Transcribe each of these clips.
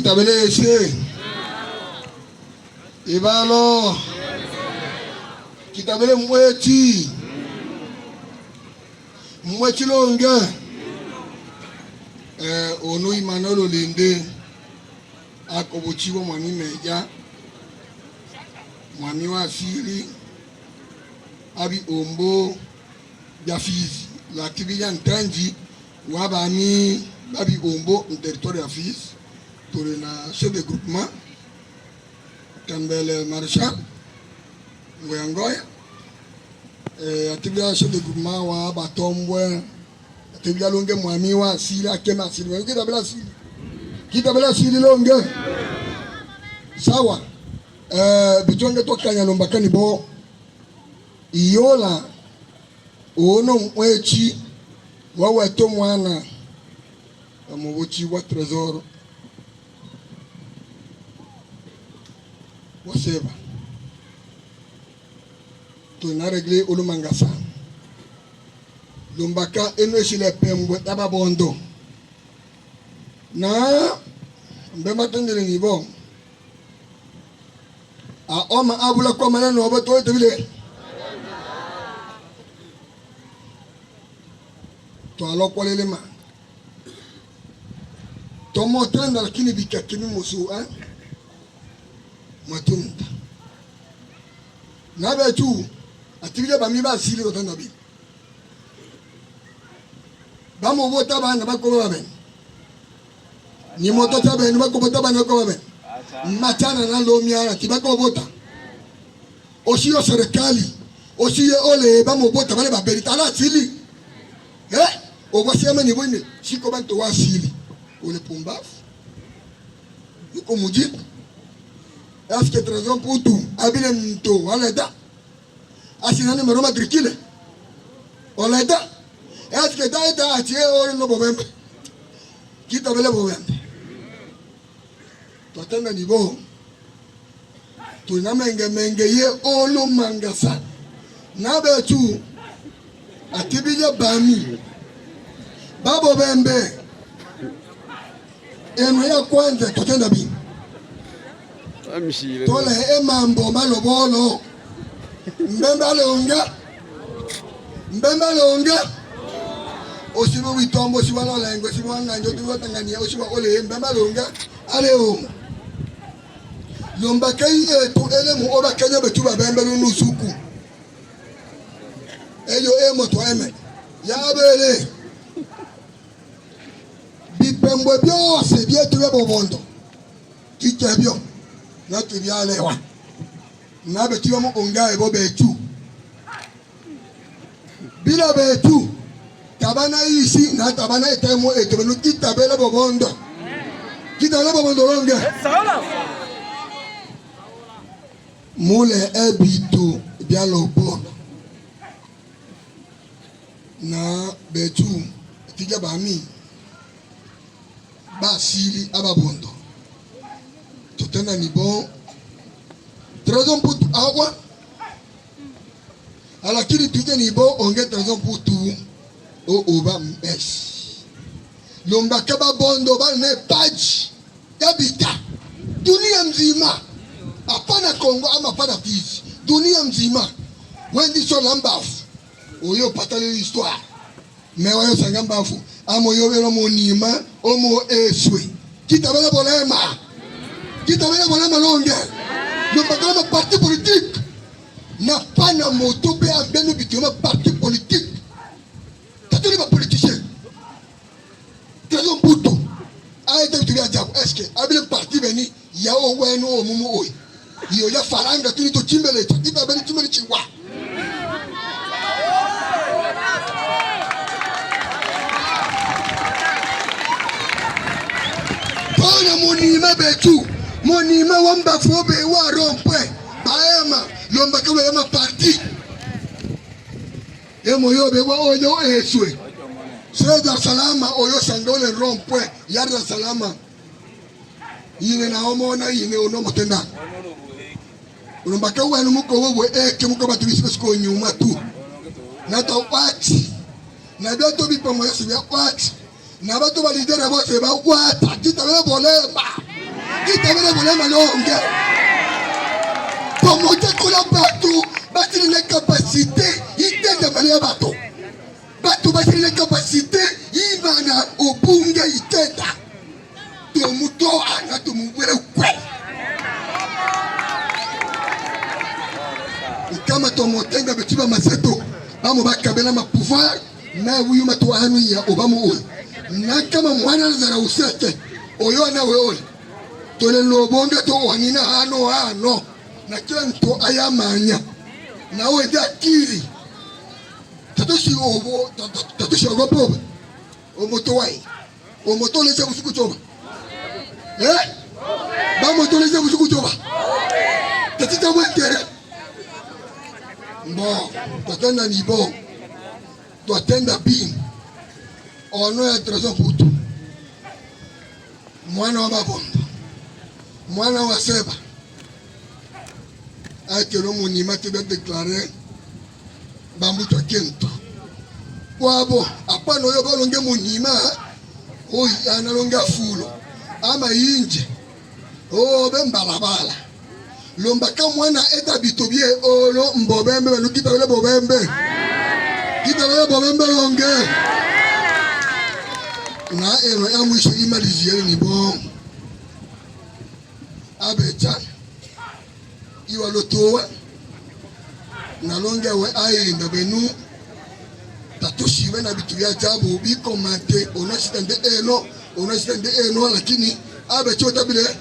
kitabelese ibalo kitabele mweti mweti longe eh onu imanolo linde akobochiwa mwami meja mwami wa asili abi ombo jafizi lakini ya ntanji wabani babi ombo mu territoire ya fils pour na sub groupement tambele Marshal Ngoya Ngoya eh atibya sub groupement wa batombwe atibya longe mwami wa asili akema asili ukita bila asili kita bila asili longe sawa eh bitonge tokanya lombakani bo iyola ono mwechi wawe to mwana amubuchi wa trezoro waseva tonaregle olu man ka sa lombaka enosile pembo taba bondo na mbematendele nibo a oma abula kwa mana no bato to lakini bikakimi musu eh Mwatumba nabetu atigire bamwe basire batanabiri bamobota abana bakoba babene nimotota bene bakobota bana bakoba babene machana nalomiara tibakobota osiyo serikali osiye ole bamobota bale babeli tala asili eh ogwasiama ni bwene siko bantu wasili ule pumbafu yuko mujibu Est-ce que trésor pour tout Abile Nto, on l'aide. Asina ah, ni meroma grikile. On l'aide. Est-ce que da da atie ori no bobem? Kita bele bobem. Totenda ni bo. Tunamenge menge ye olu mangasa. Nabe tu atibije bami. Babo bembe. Enu ya kwanza totenda bi famishire tola emambo malobolo mbembe alonga mbembe alonga osiba witombo osiba nolenga osiba wanganja otiba watangania osiba ole mbembe alonga aleoma yomba kenya yetu elemu oba kenya betu babembe lunusuku eyo emoto eme yabele bipembwe byose byetu bya bobondo kijabyo natwe ebyaleewa nabe kibamu ongae bo betu bila betu tabana isi na tabana etemo etobelu kitabela bobondo kitala bobondo longe mule ebitu bya lobondo na betu tija bami basili ababondo tutenda ni bon trésor mputu awa ah, alakini ah, tuite ni bon onge trésor mputu o oba mbesi lombaka babondo bana na epaji ya bita dunia mzima apana kongo ama apana fizi dunia mzima wendiso na mbafu oyo opataleli histoire me wayosanga mbafu ama oyobela omonima omo eswe kita bolema kitamanya mwana malonge lobakala ma parti politique na fa na moto mpe abeno bikima parti politique tatoli bapoliticien trezo mbutu aeta bitoli adiabo estce abele parti beni ya owene oyo mumu oyo iyo ya faranga tuni tochimbele tatiba abeni chimbele chiwa mpona monima betu monima wamba fobe wa rompwe baema lomba kabla yama parti emo yobe wa oyo eswe sio Dar Salama oyo sandole rompwe ya Salama yine na omona yine onomotenda unombaka wanu muko wewe eke muko batubise siko nyuma tu na to na bia to moyo sibya kwati na bato balidera bose bakwata kitabela bolema itaweza maneno aliyoongea pamoja. Kola bato basili na kapasite iteza ya bato, bato basili na kapasite iva obunge iteza tomutoa na tumubwele ukweli ikama tomotenga betiba maseto bamo bakabela mapouvoir na wiyuma toahanuya obamu oyo na kama mwana nazala usete oyo na weole tolelobonge towang'ina hano hano nakento ayamanya nawe nde akili tatusiogopoba omoto wai omotoleze busuku coba eh? bamotoleze busuku coba tatitamwentere mbo twatenda nibo twatenda bini ono ya trezo putu mwana wa babomba mwana wa Seba akelo monyima te badeklare bambutu akento kwabo apana oyo balonge monyima oyo analonge afulo amayinje oyo bembalabala lombaka mwana eta bitobie olo mbobembe balukita bele bobembe kita bobembe longe na eno ya mwiso imalizieli ni bongo abejana iwalotowe nalonge we ayenda benu tatushiwe na bitu bya jabu bikomate onashita nde eno onashita nde eno lakini abechota bile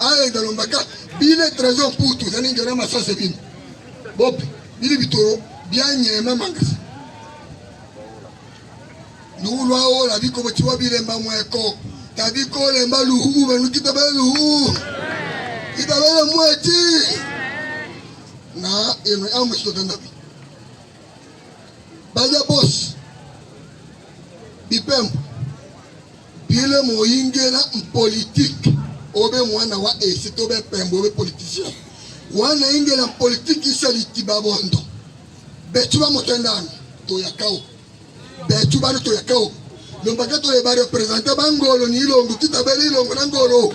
ayenda lombaka bile trésor mputu zaningera masase bino bopi bili bitoro byanyema mangasa nuulwawola bikobochiwa bilemba mweko tabikolemba luhuhu benukita beluhuhu ibabere mweti na eno yamusidotandabi baja bosi bipembo bile moyingela mpolitike obe mwana wa esi to pembo obe politisien wana ingela mpolitike isaliti babondo betu bamoto toyakao betu bano toyakao lombaka toyeba represente bangolo ni titabele ilongo na ngolo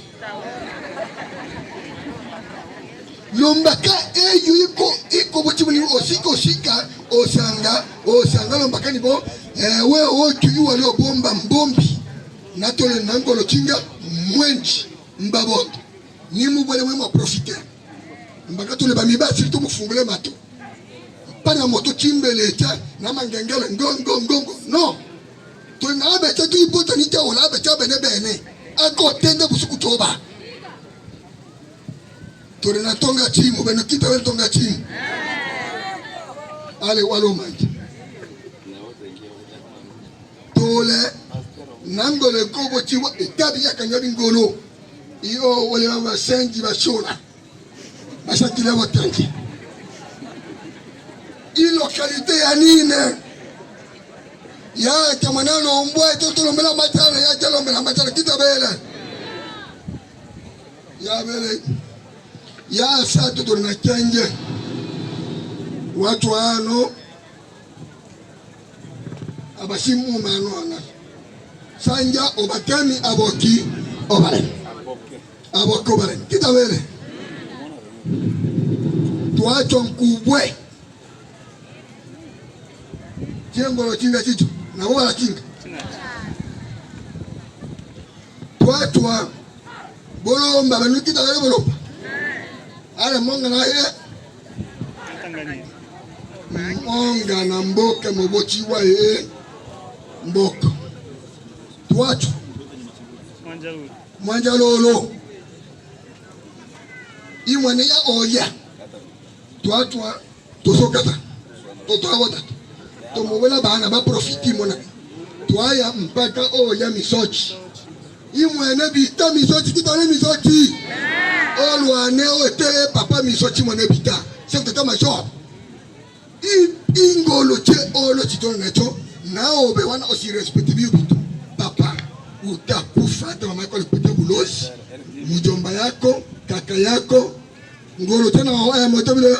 lombaka eyu eh, iko iko bucibuli osika osika osanga osanga lombaka nibo eh, we otuyu wali obomba mbombi natole nangolo cinga mwenji mbaboto nimubwele mwe mwaprofite mbaka tole bamibasili tumufungule mato mpana moto cimbele ca na mangengele ngongongongo no toli na abece tuyipota nitaola abece abene bene akotende busuku coba tulinatonga chimu benukita wetonga chimu ale walomaji tole nangolo ekobo chiwa etabi yakanyoli ngolo iyo olema basenji bashola basakile botenje ilokalite ya nine yaca mwanano ombwa etotolombela matano yacalombela matano kitabele yabele yasatu tuli na chenje watu wano abashimumano ana sanja obatemi aboki obaren aboki obaren kitawele tuacho mkubwe jengo lochinga chicho nabo barachinga twatwa bolomba banukitawele bolomba ala monga na ye monga na mboka moboti wa ye mboka twacho mwanjalolo imwene ya oya twatwa tosokata totwabotata tomowela bana baprofiti mona twaya mpaka oya misochi imwene bita misochi kitone misochi olwa ete eh, oh, papa miso ti mo ne bita sekete ma so i ingolo che olo ti tolo cho na obe wana osi respecte bi ubito papa utakufata mama yako alikupete ulozi mjomba yako kaka yako ngolo tena wawaya moto bile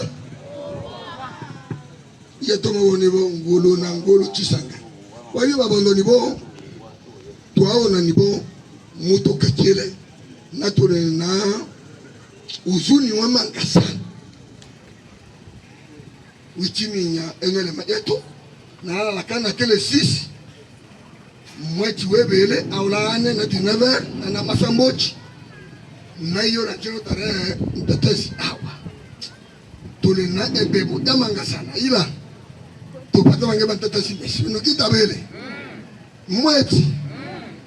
ye tongo woni bo ngolo na ngolo chisanga wabi babondo ni bo twaona ni bo mutu kakiele natule na uzuni wamanga sana wikiminya enyelema yetu nalalakana kele sisi mweci webele aulaane na dinever na na masambochi nayo na kilo tarehe mtetezi awa tulina ebebu yamanga sana ila tupate bange bantetezi mesi bino kitabele mweci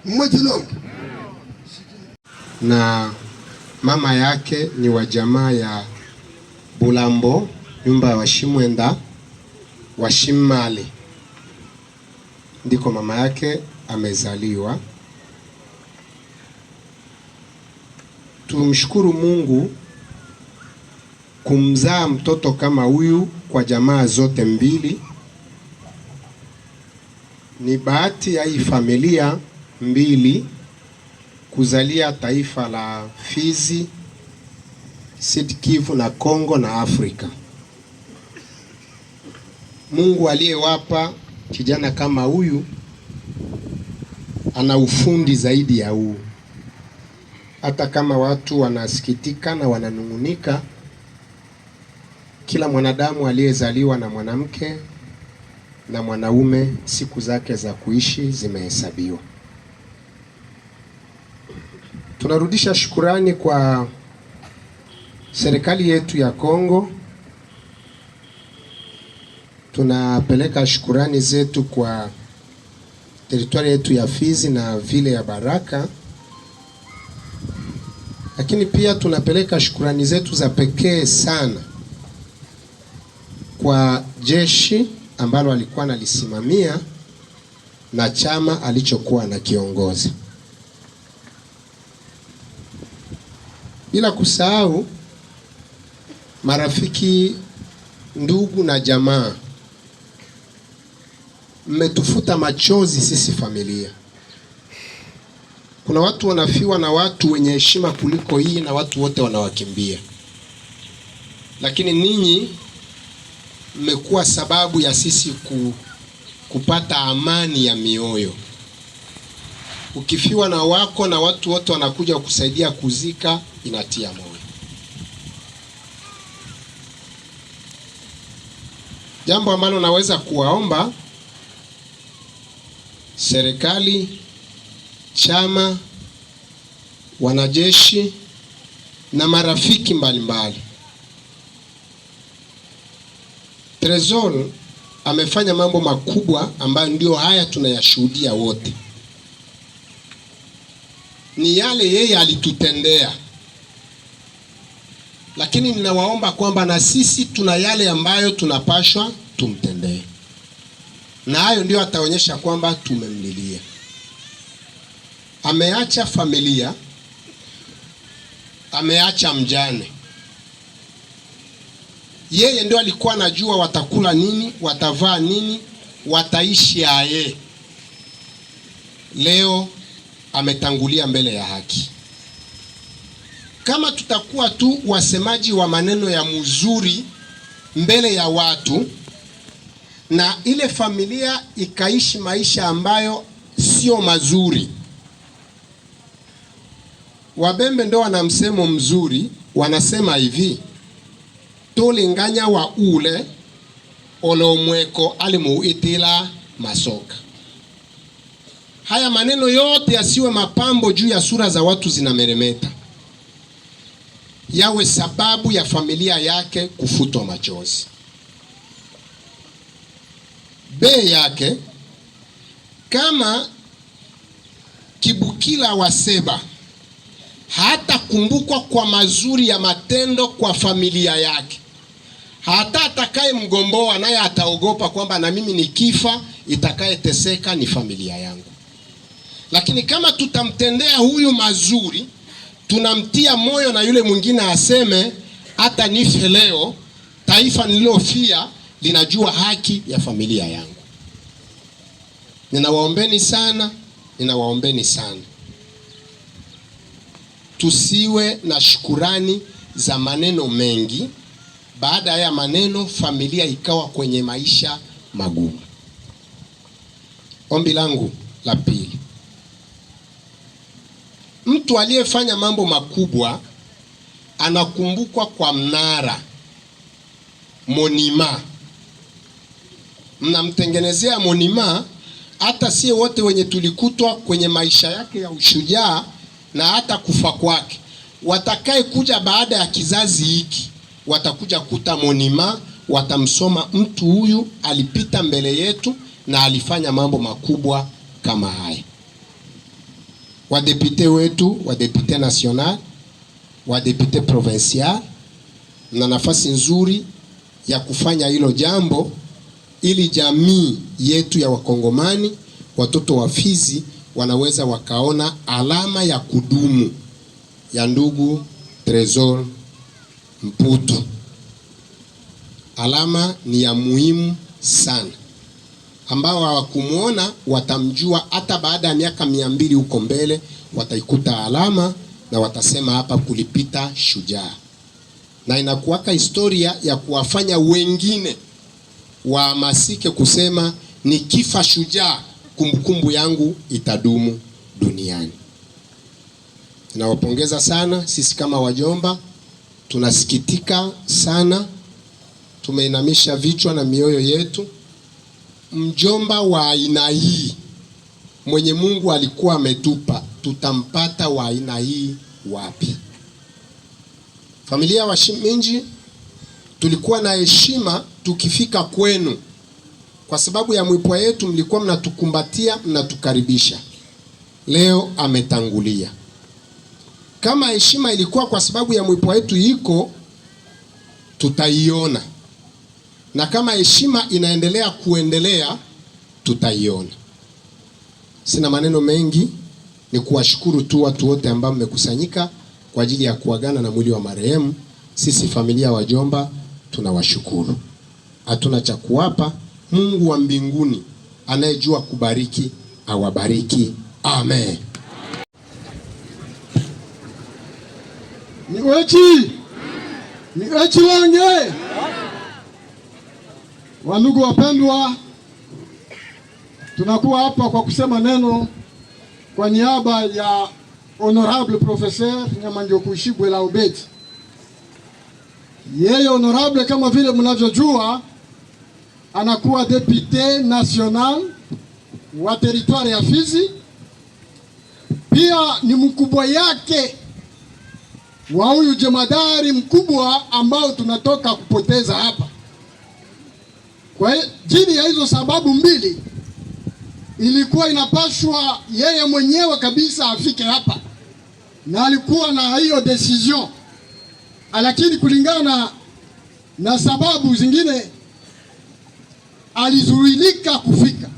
mweci longa na mama yake ni wa jamaa ya Bulambo, nyumba ya Washimwenda Washimali, ndiko mama yake amezaliwa. Tumshukuru Mungu kumzaa mtoto kama huyu kwa jamaa zote mbili. Ni bahati ya hii familia mbili kuzalia taifa la Fizi, Sud Kivu na Kongo na Afrika. Mungu aliyewapa kijana kama huyu ana ufundi zaidi ya huu. Hata kama watu wanasikitika na wananung'unika, kila mwanadamu aliyezaliwa na mwanamke na mwanaume siku zake za kuishi zimehesabiwa. Tunarudisha shukurani kwa serikali yetu ya Kongo. Tunapeleka shukurani zetu kwa teritwari yetu ya Fizi na vile ya Baraka, lakini pia tunapeleka shukurani zetu za pekee sana kwa jeshi ambalo alikuwa analisimamia na chama alichokuwa na kiongozi. bila kusahau marafiki, ndugu na jamaa, mmetufuta machozi sisi familia. Kuna watu wanafiwa na watu wenye heshima kuliko hii, na watu wote wanawakimbia, lakini ninyi mmekuwa sababu ya sisi ku, kupata amani ya mioyo ukifiwa na wako na watu wote wanakuja kusaidia kuzika, inatia moyo. Jambo ambalo naweza kuwaomba serikali, chama, wanajeshi na marafiki mbalimbali. Tresor amefanya mambo makubwa ambayo ndio haya tunayashuhudia wote ni yale yeye alitutendea, lakini ninawaomba kwamba na sisi tuna yale ambayo tunapashwa tumtendee, na hayo ndio ataonyesha kwamba tumemlilia. Ameacha familia, ameacha mjane. Yeye ndio alikuwa anajua watakula nini, watavaa nini, wataishi aye. Leo ametangulia mbele ya haki. Kama tutakuwa tu wasemaji wa maneno ya mzuri mbele ya watu na ile familia ikaishi maisha ambayo sio mazuri. Wabembe ndo wana msemo mzuri, wanasema hivi tolinganya wa ule olomweko alimuitila masoka haya maneno yote yasiwe mapambo juu ya sura za watu zinameremeta, yawe sababu ya familia yake kufutwa machozi. Be yake kama Kibukila wa Seba hatakumbukwa kwa mazuri ya matendo kwa familia yake, hata atakaye mgomboa naye ataogopa kwamba na mimi nikifa itakayeteseka ni familia yangu. Lakini kama tutamtendea huyu mazuri, tunamtia moyo na yule mwingine aseme, hata nife leo, taifa nililofia linajua haki ya familia yangu. Ninawaombeni sana, ninawaombeni sana, tusiwe na shukurani za maneno mengi. Baada ya maneno, familia ikawa kwenye maisha magumu. Ombi langu la pili mtu aliyefanya mambo makubwa anakumbukwa kwa mnara monima. Mnamtengenezea monima, hata sie wote wenye tulikutwa kwenye maisha yake ya ushujaa na hata kufa kwake, watakaye kuja baada ya kizazi hiki watakuja kuta monima, watamsoma mtu huyu alipita mbele yetu na alifanya mambo makubwa kama haya wadepute wetu, wadepute national, wadepute provincial, na nafasi nzuri ya kufanya hilo jambo ili jamii yetu ya Wakongomani, watoto wa Fizi wanaweza wakaona alama ya kudumu ya ndugu Tresor Mputu. Alama ni ya muhimu sana ambao hawakumwona watamjua hata baada ya miaka mia mbili huko mbele, wataikuta alama na watasema hapa kulipita shujaa, na inakuwaka historia ya kuwafanya wengine wahamasike kusema ni kifa shujaa, kumbukumbu yangu itadumu duniani. Tunawapongeza sana. Sisi kama wajomba tunasikitika sana, tumeinamisha vichwa na mioyo yetu mjomba wa aina hii mwenye Mungu alikuwa ametupa, tutampata wa aina hii wapi? Familia wa Shiminji, tulikuwa na heshima tukifika kwenu, kwa sababu ya mwipwa yetu mlikuwa mnatukumbatia, mnatukaribisha. Leo ametangulia. Kama heshima ilikuwa kwa sababu ya mwipwa yetu iko, tutaiona na kama heshima inaendelea kuendelea tutaiona. Sina maneno mengi, ni kuwashukuru tu watu wote ambao mmekusanyika kwa ajili ya kuagana na mwili wa marehemu. Sisi familia wajomba tunawashukuru, hatuna cha kuwapa. Mungu wa mbinguni anayejua kubariki awabariki, amen. Ni wechi ni wechi wange Wandugu wapendwa, tunakuwa hapa kwa kusema neno kwa niaba ya honorable professeur Nyamanjoku la Laobeti. Yeye honorable, kama vile mnavyojua, anakuwa député national wa territoire ya Fizi, pia ni mkubwa yake wa huyu jemadari mkubwa ambao tunatoka kupoteza hapa kwa hiyo chini ya hizo sababu mbili ilikuwa inapashwa yeye mwenyewe kabisa afike hapa, na alikuwa na hiyo decision, lakini kulingana na sababu zingine alizuilika kufika,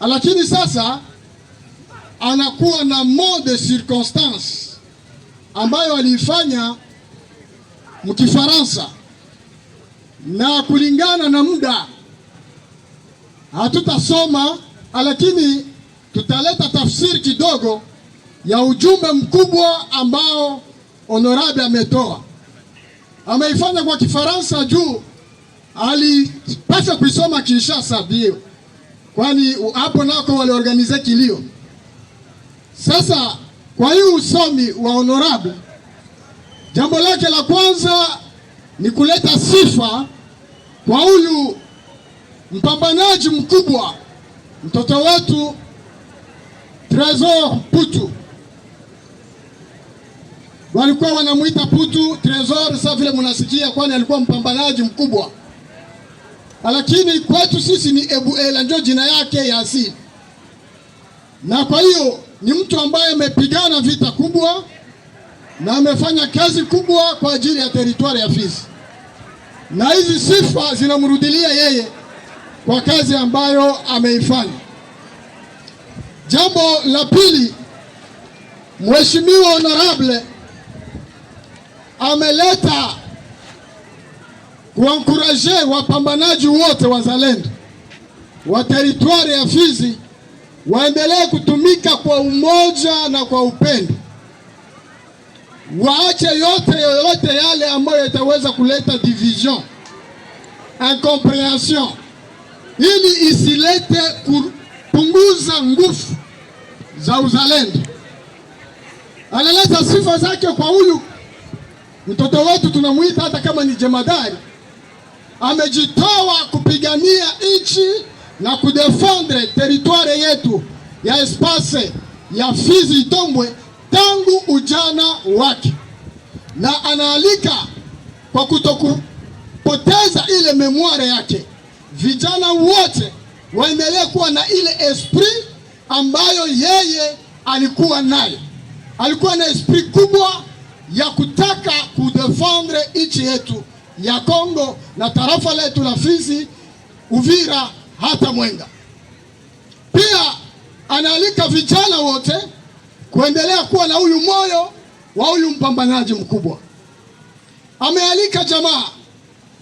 lakini sasa anakuwa na mode de circonstance ambayo aliifanya mkifaransa na kulingana na muda hatutasoma, lakini tutaleta tafsiri kidogo ya ujumbe mkubwa ambao honorable ametoa, ameifanya kwa Kifaransa juu alipasha kuisoma Kinshasa bio, kwani hapo nako waliorganize kilio. Sasa kwa hiyo usomi wa honorable, jambo lake la kwanza ni kuleta sifa kwa huyu mpambanaji mkubwa, mtoto wetu Tresor Putu. Walikuwa wanamuita Putu Tresor, sasa vile munasikia, kwani alikuwa mpambanaji mkubwa, lakini kwetu sisi ni Ebuela, ndio jina yake ya asili, na kwa hiyo ni mtu ambaye amepigana vita kubwa na amefanya kazi kubwa kwa ajili ya teritwari ya Fizi na hizi sifa zinamrudilia yeye kwa kazi ambayo ameifanya. Jambo la pili, Mheshimiwa Honorable ameleta kuankuraje wapambanaji wote wazalendo wa teritwari ya Fizi waendelee kutumika kwa umoja na kwa upendo waache yote yoyote yale ambayo itaweza kuleta division, incompréhension, ili isilete kupunguza nguvu za uzalendo. Analeta sifa zake kwa huyu mtoto wetu, tunamwita hata kama ni jemadari, amejitoa kupigania nchi na kudefendre teritware yetu ya espace ya Fizi Itombwe tangu ujana wake, na anaalika kwa kutokupoteza ile memoire yake, vijana wote waendelee kuwa na ile esprit ambayo yeye alikuwa nayo. Alikuwa na esprit kubwa ya kutaka kudefendre nchi yetu ya Kongo na tarafa letu la Fizi, Uvira hata Mwenga. Pia anaalika vijana wote kuendelea kuwa na huyu moyo wa huyu mpambanaji mkubwa. Amealika jamaa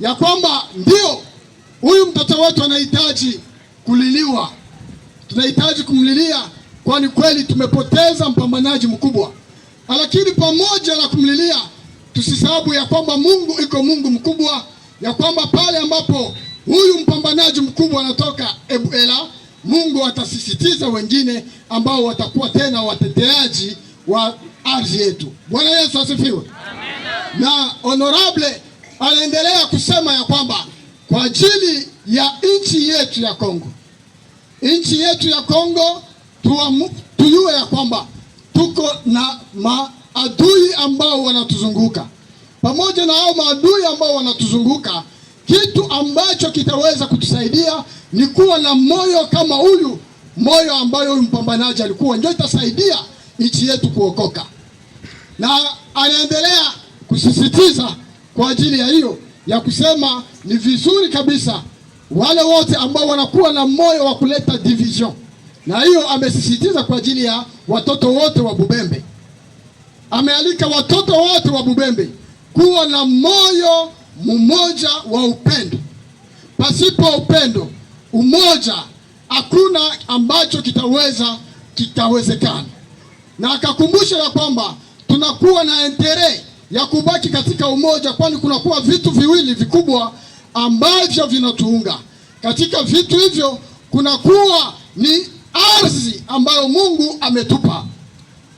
ya kwamba ndio huyu mtoto wetu anahitaji kuliliwa, tunahitaji kumlilia, kwani kweli tumepoteza mpambanaji mkubwa. Lakini pamoja na kumlilia, tusisahabu ya kwamba Mungu iko Mungu mkubwa, ya kwamba pale ambapo huyu mpambanaji mkubwa anatoka Ebuela Mungu atasisitiza wengine ambao watakuwa tena wateteaji wa ardhi yetu. Bwana Yesu asifiwe. Na honorable anaendelea kusema ya kwamba kwa ajili ya nchi yetu ya Kongo, nchi yetu ya Kongo tuamu, tuyue ya kwamba tuko na maadui ambao wanatuzunguka. Pamoja na hao maadui ambao wanatuzunguka, kitu ambacho kitaweza kutusaidia ni kuwa na moyo kama huyu, moyo ambayo huyu mpambanaji alikuwa, ndio itasaidia nchi yetu kuokoka. Na anaendelea kusisitiza kwa ajili ya hiyo ya kusema ni vizuri kabisa wale wote ambao wanakuwa na moyo wa kuleta division, na hiyo amesisitiza kwa ajili ya watoto wote wa Bubembe. Amealika watoto wote wa Bubembe kuwa na moyo mmoja wa upendo. Pasipo upendo umoja, hakuna ambacho kitaweza kitawezekana. Na akakumbusha ya kwamba tunakuwa na entere ya kubaki katika umoja, kwani kunakuwa vitu viwili vikubwa ambavyo vinatuunga. Katika vitu hivyo kunakuwa ni ardhi ambayo Mungu ametupa,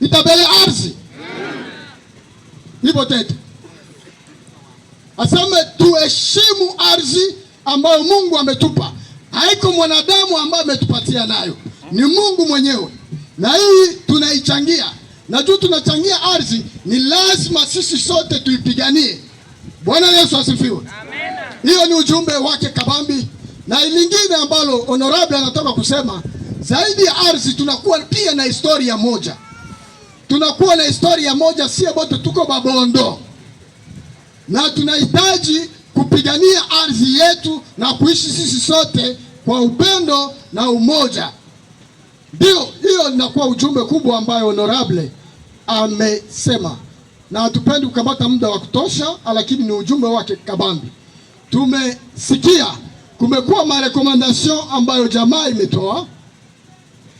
itabele ardhi hivyo tete aseme tuheshimu ardhi ambayo Mungu ametupa haiko mwanadamu ambaye ametupatia nayo, ni Mungu mwenyewe, na hii tunaichangia na juu tunachangia ardhi, ni lazima sisi sote tuipiganie. Bwana Yesu asifiwe, amen. Hiyo ni ujumbe wake kabambi, na lingine ambalo honorable anatoka kusema zaidi ya ardhi, tunakuwa pia na historia moja, tunakuwa na historia moja, sio bote tuko Babondo na tunahitaji kupigania ardhi yetu na kuishi sisi sote kwa upendo na umoja. Ndio hiyo inakuwa ujumbe kubwa ambayo honorable amesema, na hatupendi kukamata muda wa kutosha, lakini ni ujumbe wake kabambi. Tumesikia kumekuwa marekomandasyon ambayo jamaa imetoa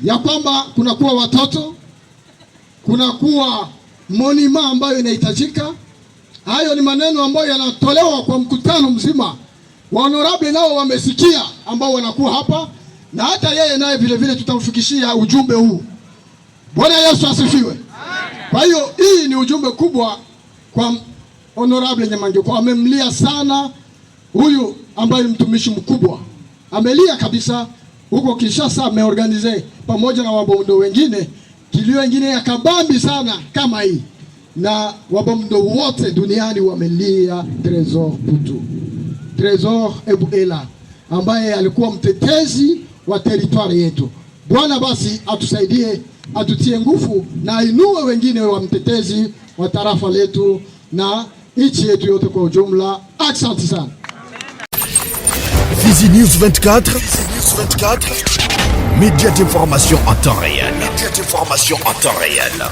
ya kwamba kunakuwa watoto, kunakuwa monima ambayo inahitajika Hayo ni maneno ambayo yanatolewa kwa mkutano mzima, honorable, nao wamesikia, ambao wanakuwa hapa na hata yeye naye vile vile tutamfikishia ujumbe huu. Bwana Yesu asifiwe. Kwa hiyo hii ni ujumbe kubwa kwa honorable Nyamange, kwa amemlia sana huyu ambaye mtumishi mkubwa, amelia kabisa huko Kinshasa, ameorganize pamoja na wabondo wengine, kilio wengine kabambi sana kama hii na Wabondo wote duniani wamelia Tresor Putu. Tresor Ebuela ambaye alikuwa mtetezi wa teritwari yetu. Bwana basi atusaidie, atutie nguvu na ainue wengine wa mtetezi wa tarafa letu na nchi yetu yote kwa ujumla. Asante sana. Fizi News 24, Fizi News 24. Média d'information en temps réel. Média d'information en temps réel.